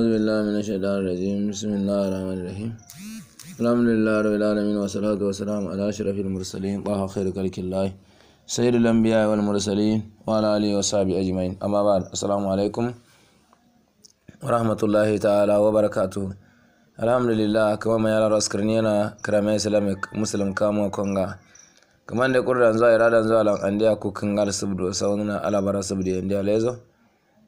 أعوذ بالله من الشيطان الرجيم بسم الله الرحمن الرحيم الحمد لله رب العالمين والصلاة والسلام على أشرف المرسلين طه خير كلك الله سيد الأنبياء والمرسلين وعلى آله وصحبه أجمعين أما بعد السلام عليكم ورحمة الله تعالى وبركاته الحمد لله كما ما يرى راسكرنينا كرامي سلامك مسلم كامو كونغا كمان دي قرر أنزوا إرادة أنزوا لأن أنديا كوكنغال سبدو سونا على برا سبدي أنديا ليزو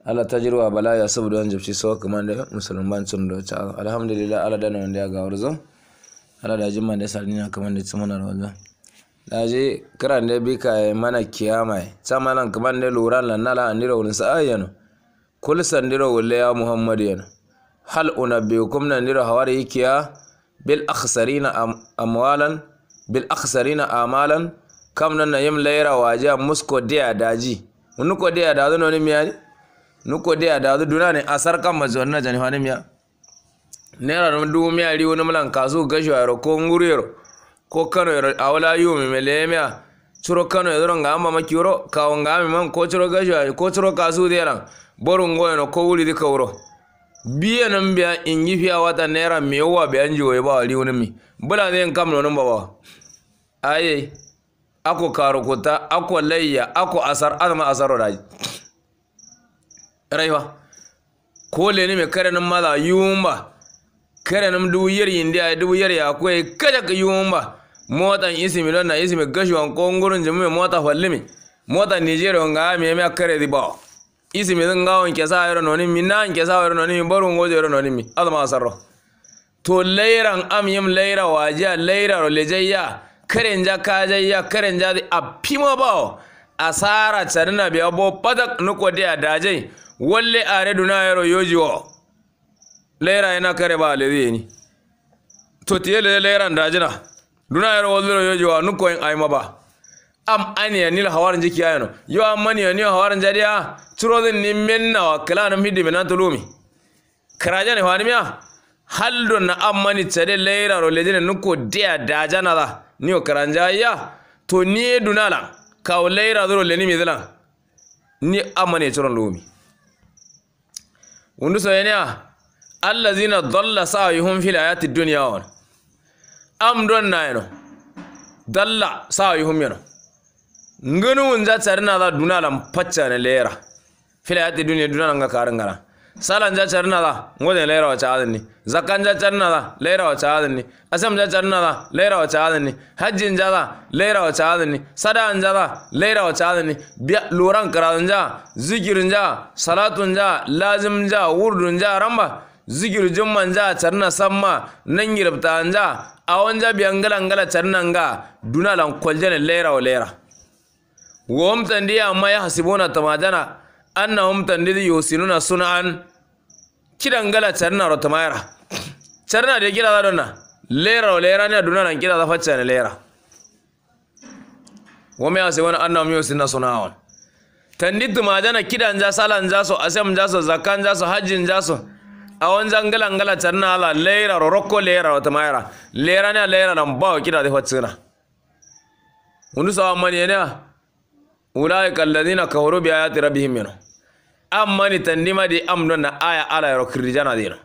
ala tajruwa bala ya saboda don jibci sau kuma da musulman sun da ta alhamdulillah ala da nan ya gawar zan ala da jimma da sarni na kuma da tsumuna na wanda da je karan da bi ka mana kiyama ta malan kuma da lura lan nala nira wurin sa'ayi ayyano kul sandira wala ya muhammad yana hal unabbiukum nan nira yi kiya bil akhsarina amwalan bil akhsarina amalan kam nan na yim laira waje musko dia daji unuko dia da zo ne miyani zu duna ne a sarkan na jani hanimya nera dubu miya ri wani mulan kasu gasho yaro ko nguru yaro ko kano yaro a mele ya miya curo kano yaro ngamba makiro kawo ngami man ko curo yaro ko ciro kasu deran borun goyno ko wuli duka wuro biya nan biya in yi fiya wata naira mai yawa biyan jiwoyi ba wa wani mi bula ne in kam nonin ba ba aye ako karukuta ako layya ako asar azama asaro daji raiwa kole ni me karenin mala yumba karenin dubu yar yindi ay dubu yar ya koy kaja ka yumba mota isi mi na isi me gashi wan kongurun jimu me mota fallimi mota nigeria nga me me kare di ba isi mi nga won kesa yoro noni mi nan kesa yoro noni mi boru ngoje yoro noni mi adama sarro to leiran am yim layra waja leira ro lejayya karen ja kajayya karen ja di apimo ba asara charina biya bo patak nuko dia dajai are areduna yaro yoji wo lera ena kare ba le lera leran dajina duna yaro wollero yoji wa nukkoen ayma ba am ya nila hawaran jiki ayano yo ammaniya niyo hawaran turo curodin ni mennawa kilanam hiddi minantolumi karajani ya haldo na ammani cade leyraro lejine da deya dajanala niyo ya? to niye dunala kaw leyradoro lenimi dilan ni ammani curon lumi wundu soyenia allazina dalla sa'yuhum fil ayati dunya on am don na nayno dalla sa'yuhum yano ngunu wunza tsarina za duna lam pacca ne lera fil ayati dunya duna nga gana. salanja da ngode lera wa chaadni zakanja da lera wa chaadni asamja da lera wa chaadni hajjin da lera wa chaadni sadan da lera wa chaadni loran ja lazim ja wurdun ja ramba zikir ja charna samma ja nangirabtanja awanja biyangalangala nga dunalan koljene lera wa lera tandiya amma hasibona tamajana annahum tandidi yusinuna sunan kidan gala charna rotamayra charna de kira donna lera o lera ne aduna nan kira facca ne lera wame ase wani annahum yusinuna sunan tandidi majana kidan ja salan ja so asem ja so zakan ja so hajjin ja so awon gala ngala charna ala lera roko lera rotamayra lera ne lera nan bawo kira de facca ونسوا من ينا أولئك الذين كفروا بآيات ربهم منهم tandi ma di amdo na aya ala yaro kirdi jana dina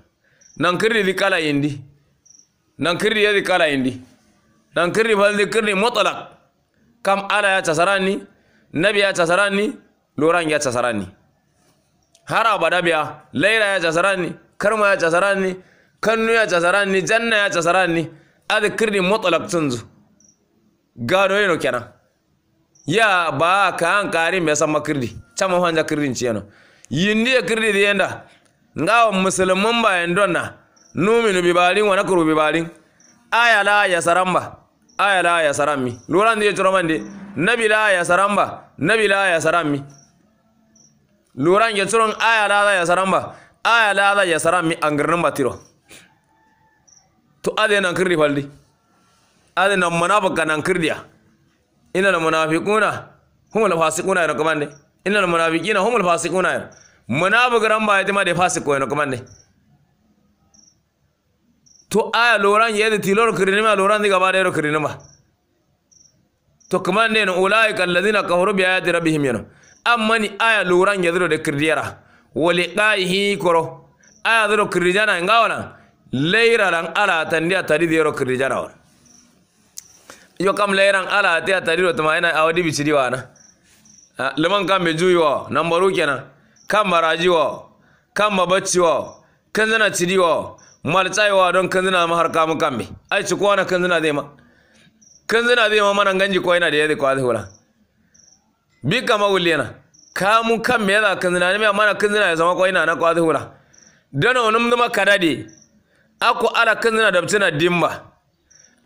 nan kirdi di kala indi nan kirdi di kala indi nan kirdi baldi kirdi mutlaq kam ala ya tasarani nabi ya tasarani loran ya tasarani har abada biya laira ya tasarani karma ya tasarani kannu ya tasarani janna ya tasarani adi kirdi mutlaq tunzu gado yeno kenan ya ba ka an karin bai san makirdi chama hanja kirdin ciyano yindi ya kirdi di yenda ngawo musulmin ba yendon na numinu bibalin wa nakuru bibalin aya la ya saramba aya la ya sarammi luran ya choroman di nabi la ya saramba nabi la ya sarammi luran ya choron aya la ya saramba aya la ya sarammi angirnin batiro to ade nan kirdi faldi ade nan munafika nan kirdiya ina al munafiquna hum al fasiquna ya rakamande innal munafiqina humul fasiquna munafiqran ba da de fasiqo en kuma ne to aya loran yedi tilor kirinima loran diga ba dero kirinima to kuma ne no ulaika alladhina kafaru bi ayati rabbihim yana amma ni aya loran yedro de kirdiyara wa liqaihi koro aya dero kirijana Laira lan ala tandiya tadi dero kirijana yo kam leiran ala tiya tadi ro tuma ina awadi bisidi wana Eh, liman kambe wa nambaru kenan kan rajiwo kamba wa kanzana wa wa don kanzana zana har kamu kambe ai ci kowane na kanzana zai ma kanzana zai ma mana ganji ko yana da yadda kwa zai hula bi kama wuli yana kamu kambe yana kanzana ne mai mana kanzana ya zama ko yana na kwa zai hula dana wani zama kadade ako ala kanzana da dimba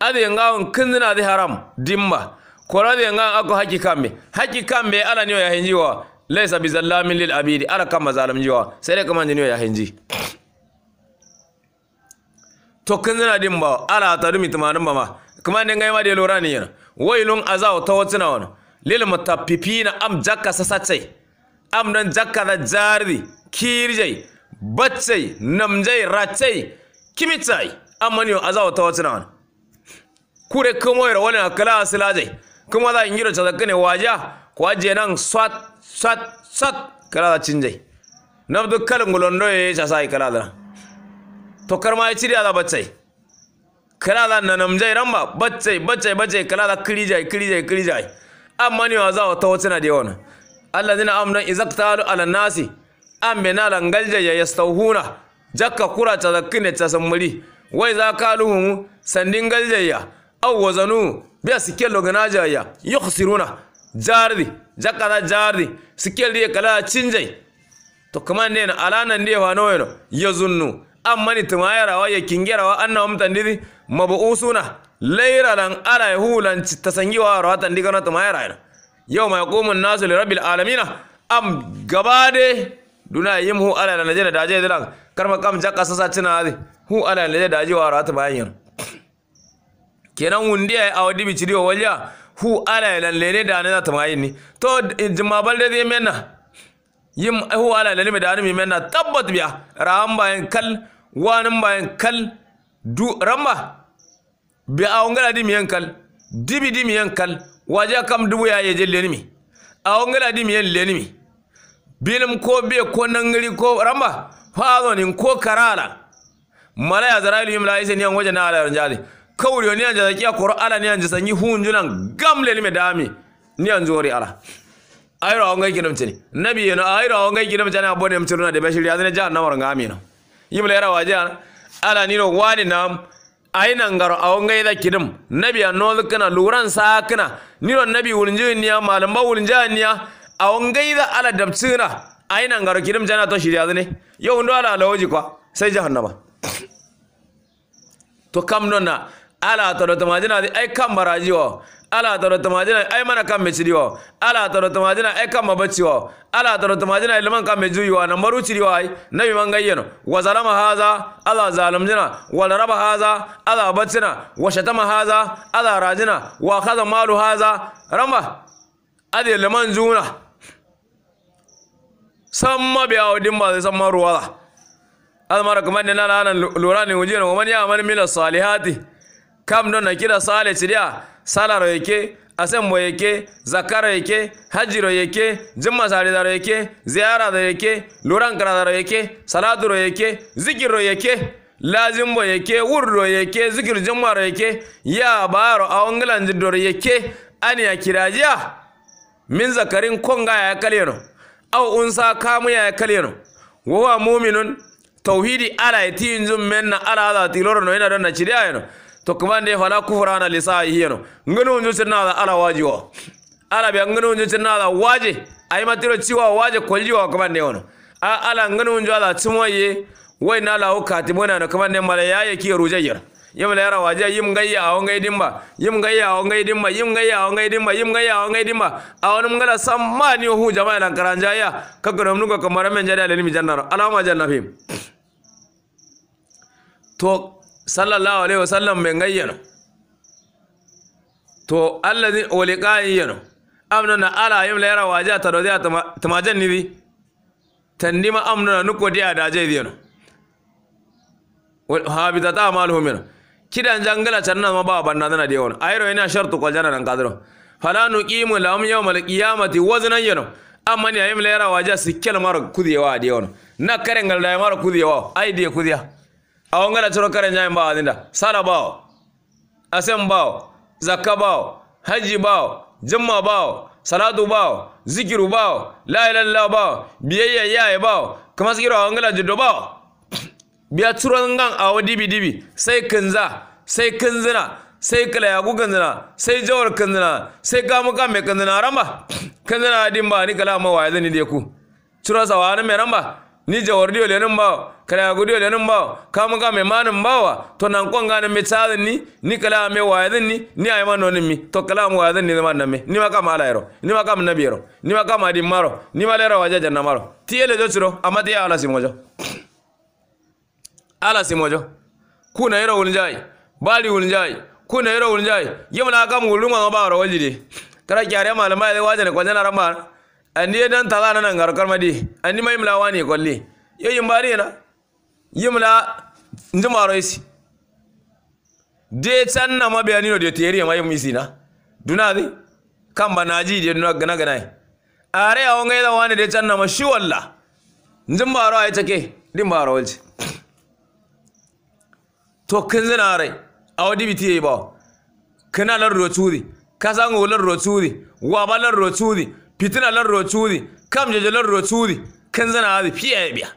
adi yanga kanzana zai haram dimba korabe nga ako haki kambe haki kambe ala niyo yahenjiwa laysa bizallamin lil abidi ala kama zalamjiwa sai dai kamanje niyo yahenji to kanzana din ba ala ta dumi tumanin ba ma kuma ne ngai ma de lora ne yana wailun azaw ta wacina wana lil mutaffifina am jakka sasace am dan jakka da jarri kirjai batsai namjai ratsai kimitsai amma ne azaw ta wacina wana kure kuma yaro wani akala asilajai kuma za ingiro chazakane waja kwa jenang swat swat swat kalada chinjai nabdu kal ngulondo ye chasai kalada to karma ya chiri ada bachai kalada nanamjai ramba bachai bachai bachai kalada kirijai kirijai kirijai amma ni wazao tawatsina diona alladhina amna izaktalu ala nasi ambe nala ngalje ya yastauhuna jakka kura chazakane chasamuli wai za kaluhum sandin galje ya au wazanu biya sikel loga na jaya yukhsiruna jardi jakada jardi sikel riye kala cinjai to kama ne na alanan ne wa no yo yazunnu amma tumayara wa ya wa anna umtan didi mabuusuna lan ala yahulan tasangiwa rawatan digana tumayara yau ma yaqumun nasu li rabbil alamina am gabade duna yimhu ala na najena daje dilan karma kam jakka sasa cina hu ala na najena daje wa rawatan bayan kenan wundi ay awdi bi ciri walya hu ala lan lene da na ta ni to eh, jimabal da zai mena yi eh, hu ala ya me da ni mena tabbat biya ram bayan kal wanin bayan kal du ramba bi wangala di miyan kal dibi di miyan kal waje kam dubu ya yi yeje a wangala di miyan lenimi bilim ko be ko nangari ko ramba fa ni ko karala mala ya zarailu yim la isen yan waje na ala ranjali kawri ni anja zakia koro ala ni anja sanyi hunjuna gamle ni medami ni anjori ala ayro awanga kidam chini nabi yeno ayro awanga kidam chani abone mchiruna de bashiri azine jahannam nga amina yibla yara wajana ala nino wani nam aina ngaro awanga ida kidam nabi anol kina luran sa kana nino nabi wulinje niya malamba wulinje niya awanga ida ala damtsina aina ngaro kidim jana to shiri azine yo ndo ala alawoji kwa sai jahannama to kam nona ala toro tamadina di ai kan baraji wo ala toro tamadina ai mana kan meciri wo ala toro tamadina ai kan mabaci wo ala toro tamadina ilman kan mejuyi wa na maru ciri wa ayi na bi mangayen wa zalama haza ala zalimjina wa laraba haza ala batina wa shatama haza ala rajina wa kaza malu haza ramba ade leman juna samma bi awdin ba samma ruwa. almara kuma ne na lanan lura ne wajena wa man ya man mila salihati kam ɗon na e kiɗa sale siɗiya salaro yeke asembo yeke zakaro yeke hajiro ziyara da yeke ziyaradaro yeke lurankaradaro yeke saladuro yeke zikirro yeke lazimbo yeke wurro yeke zikir baro a yabaro awongilanjiddoro yeke ani ya kirajiya min zakarin konga ya kalero au unsa kamu ya kalero wahuwa muminun tauhidi ala yatiyinjum menna ala ala tiloro no ina donna cidiya yeno to kumande fala kufrana li yi yano ngano njo sirna ala wa ala bi ngano njo sirna ala waje ay matiro ciwa wa koljiwa kumande wono a ala ngano njo ala tumoye wai na lawo kati mona na kumande mala yaye ki rujayyar yim la yara waje yim gayya awo ngai dimba yim gayya awo ngai dimba yim gayya awo ngai dimba yim gayya awo ngai dimba awon mungala sammani hu jama'a lan karanja ya kagara nuga kamara men jada lalimi jannar alama jannafim to sallallahu alaihi wasallam bai gayyano to allazi waliqai yano amna na ala yim la yara waja ta ta tamajan ni bi tandima amna nuko dia da je yano habita ta maluhum yano kidan jangala canna ma ba banna dana dia wono ayro ina shartu ko jana nan kadro fala nuqimu lahum yawmal qiyamati waznan yano amma ni yim la yara waja sikkel mar kudiyawa dia wono na karengal da mar kudiyawa ai dia kudiyawa awo ngana coro kare ñayi mbawa ninda sara ba asem bawo zakka wa hajji bawo jimma bawo salatu wa zikiru ba la ilaha illallah bawo biyayya yaye wa kama sikiro awo ngala ba wa biya curo ngan awo dibi dibi sai kinza sai kinzina sai kalayagu kinzina sai jawar kinzina sai kamu mai kinzina ramba kanzina ba ni kala ma waye zani dai ku sawa sawana mai ramba ni jawardiyo lenin bawa kala gudiyo lenin bawa kamun ga mai manin bawa to nan kon ga nan mitsadin ni ni kala me wayadin ni ni ay man nonin mi to kala mu wayadin ni man me ni ma kam alayro ni ma kam nabiro ni ma kam maro ni ma lero waje janna maro tiyele do tsiro amma tiya ala simojo ala simojo kuna yero wulnjai bali wulnjai kuna yero wulnjai yimla kam wuluma ba ro wajidi kara kyare malamai waje ne kwanja ramba andi dan tagana nan garkar madi andi mai mulawa ne kwalle yoyin bari na yimla njimaro isi de tan na mabiyani no de teri ma yim isi na duna ba kamba naji de duna gana gana are awon ga da wani de tan na ma shi walla njimaro ai take dimbaro walci to kin zina rai awadi biti ba kana lar roturi kasan wular roturi wabalar roturi fitina lan roturi kam jeje lan roturi kan zana hadi fiye ya biya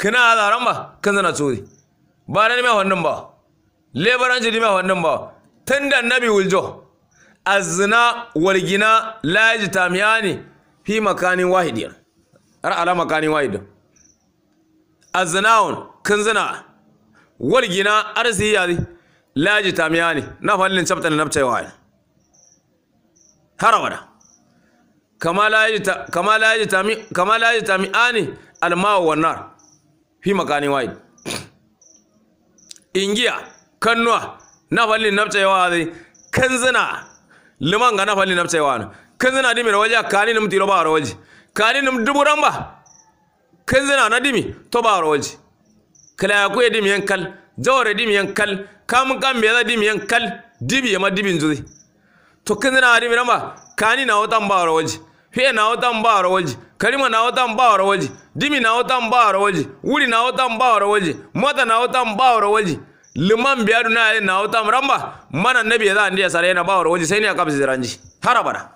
kana hada ba kan zana tsuri ba na ne mai wannan ba lebaran jidi mai wannan ba tunda annabi wuljo azna walgina la jitamiyani fi makanin wahidiyar har ala makanin wahidiyar azinaun kan zina walgina arziki yari laji tamiyani na fallin chapter na naptai wayan har abada kama la yaji tami'ani almawa wannan fi makani wahid ingiya kannuwa na falli nafta yawa zai kanzana liman ga na falli nafta yawa na kanzana dimi rawaji waje kani nim tiro ba a rawaji kani nim duburan ba zina na dimi to ba da waje kala ya dimi yan kal ya dimi yan kal kamun kan bai zai dimi yan kal dibi ya ma dibin zuzi to kanzana dimi nan ba kani na wata ba da waje he na wata mbara waje karima na wata mbara waje dimi na wata mbara waje wuri na wata mbara waje mota na wata mbara waje liman biyar na yin na wata ramba mana nabi ya za ndiya sare na bawar waje sai ne a kabzi ziranji har abada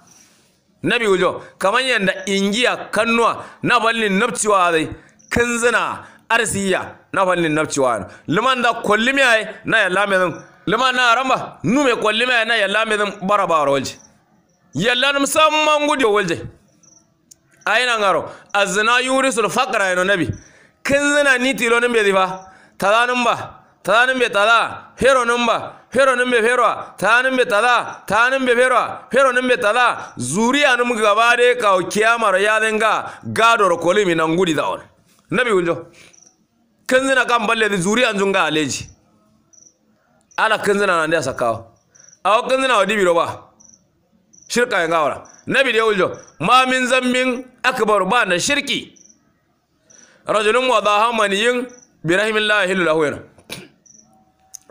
nabi wujo kamar yadda ingiya kannuwa na ballin nafciwa zai kanzina arsiya na fallin nafciwa liman da kwallimi na yalla mai liman na ramba nu mai na yalla mai bara bawar waje yallan musamman gudu walje aina ngaro azna yurisul faƙara yano nabi zina ni tilo nimbe difa tadanum ba tadanum be tada hero ba hero numbe hero tadanum be tada tadanum be hero hero numbe tada zuriya num gaba de ka kiyamar yalenga gador kolimi nan gudu da on nabi kin zina kan balle di zuriya ga aleji ala zina nan da sakawo aw zina wadi biro ba shirka ya gawara biyu da wujo ma min zambin akbar ba na shirki rajulun wa zaha maniyin bi rahimillahi hilu lahu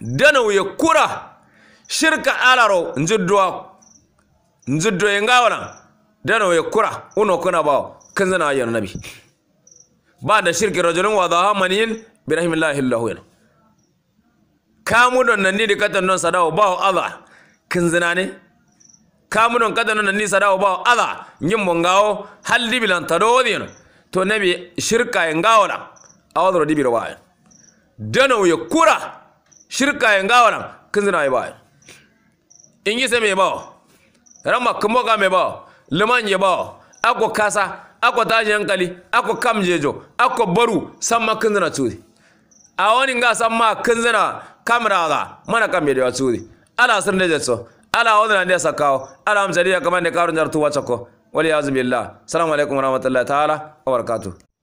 dana ya kura shirka alaro njidduwa njidduwa ya gawara dana ya kura uno kuna ba kan zana ayyar nabi ba da shirki rajulun wa zaha maniyin bi rahimillahi hilu lahu kamu don nan ni da katon don sadawa bawo aza kin zina ne kamunon kadano nan ni yin bawo ala nyimmo ngawo ta bilan tadodino to nabi shirka a ngawolam awadro dibiro wawi dano ye kura shirka zina ngawolam kinzina in yi ingise me bawa rama mai bawa liman ya bawa ako kasa ako tashi hankali ako kamjejo ako baru samma zina tsuri a wani nga samma zina kamra ga mana kamjejo tsuri ala da jetso ala wadana ne kawo ala kamar kamande karun jartu wacako wali yazbillah assalamu alaikum warahmatullahi ta'ala barakatuh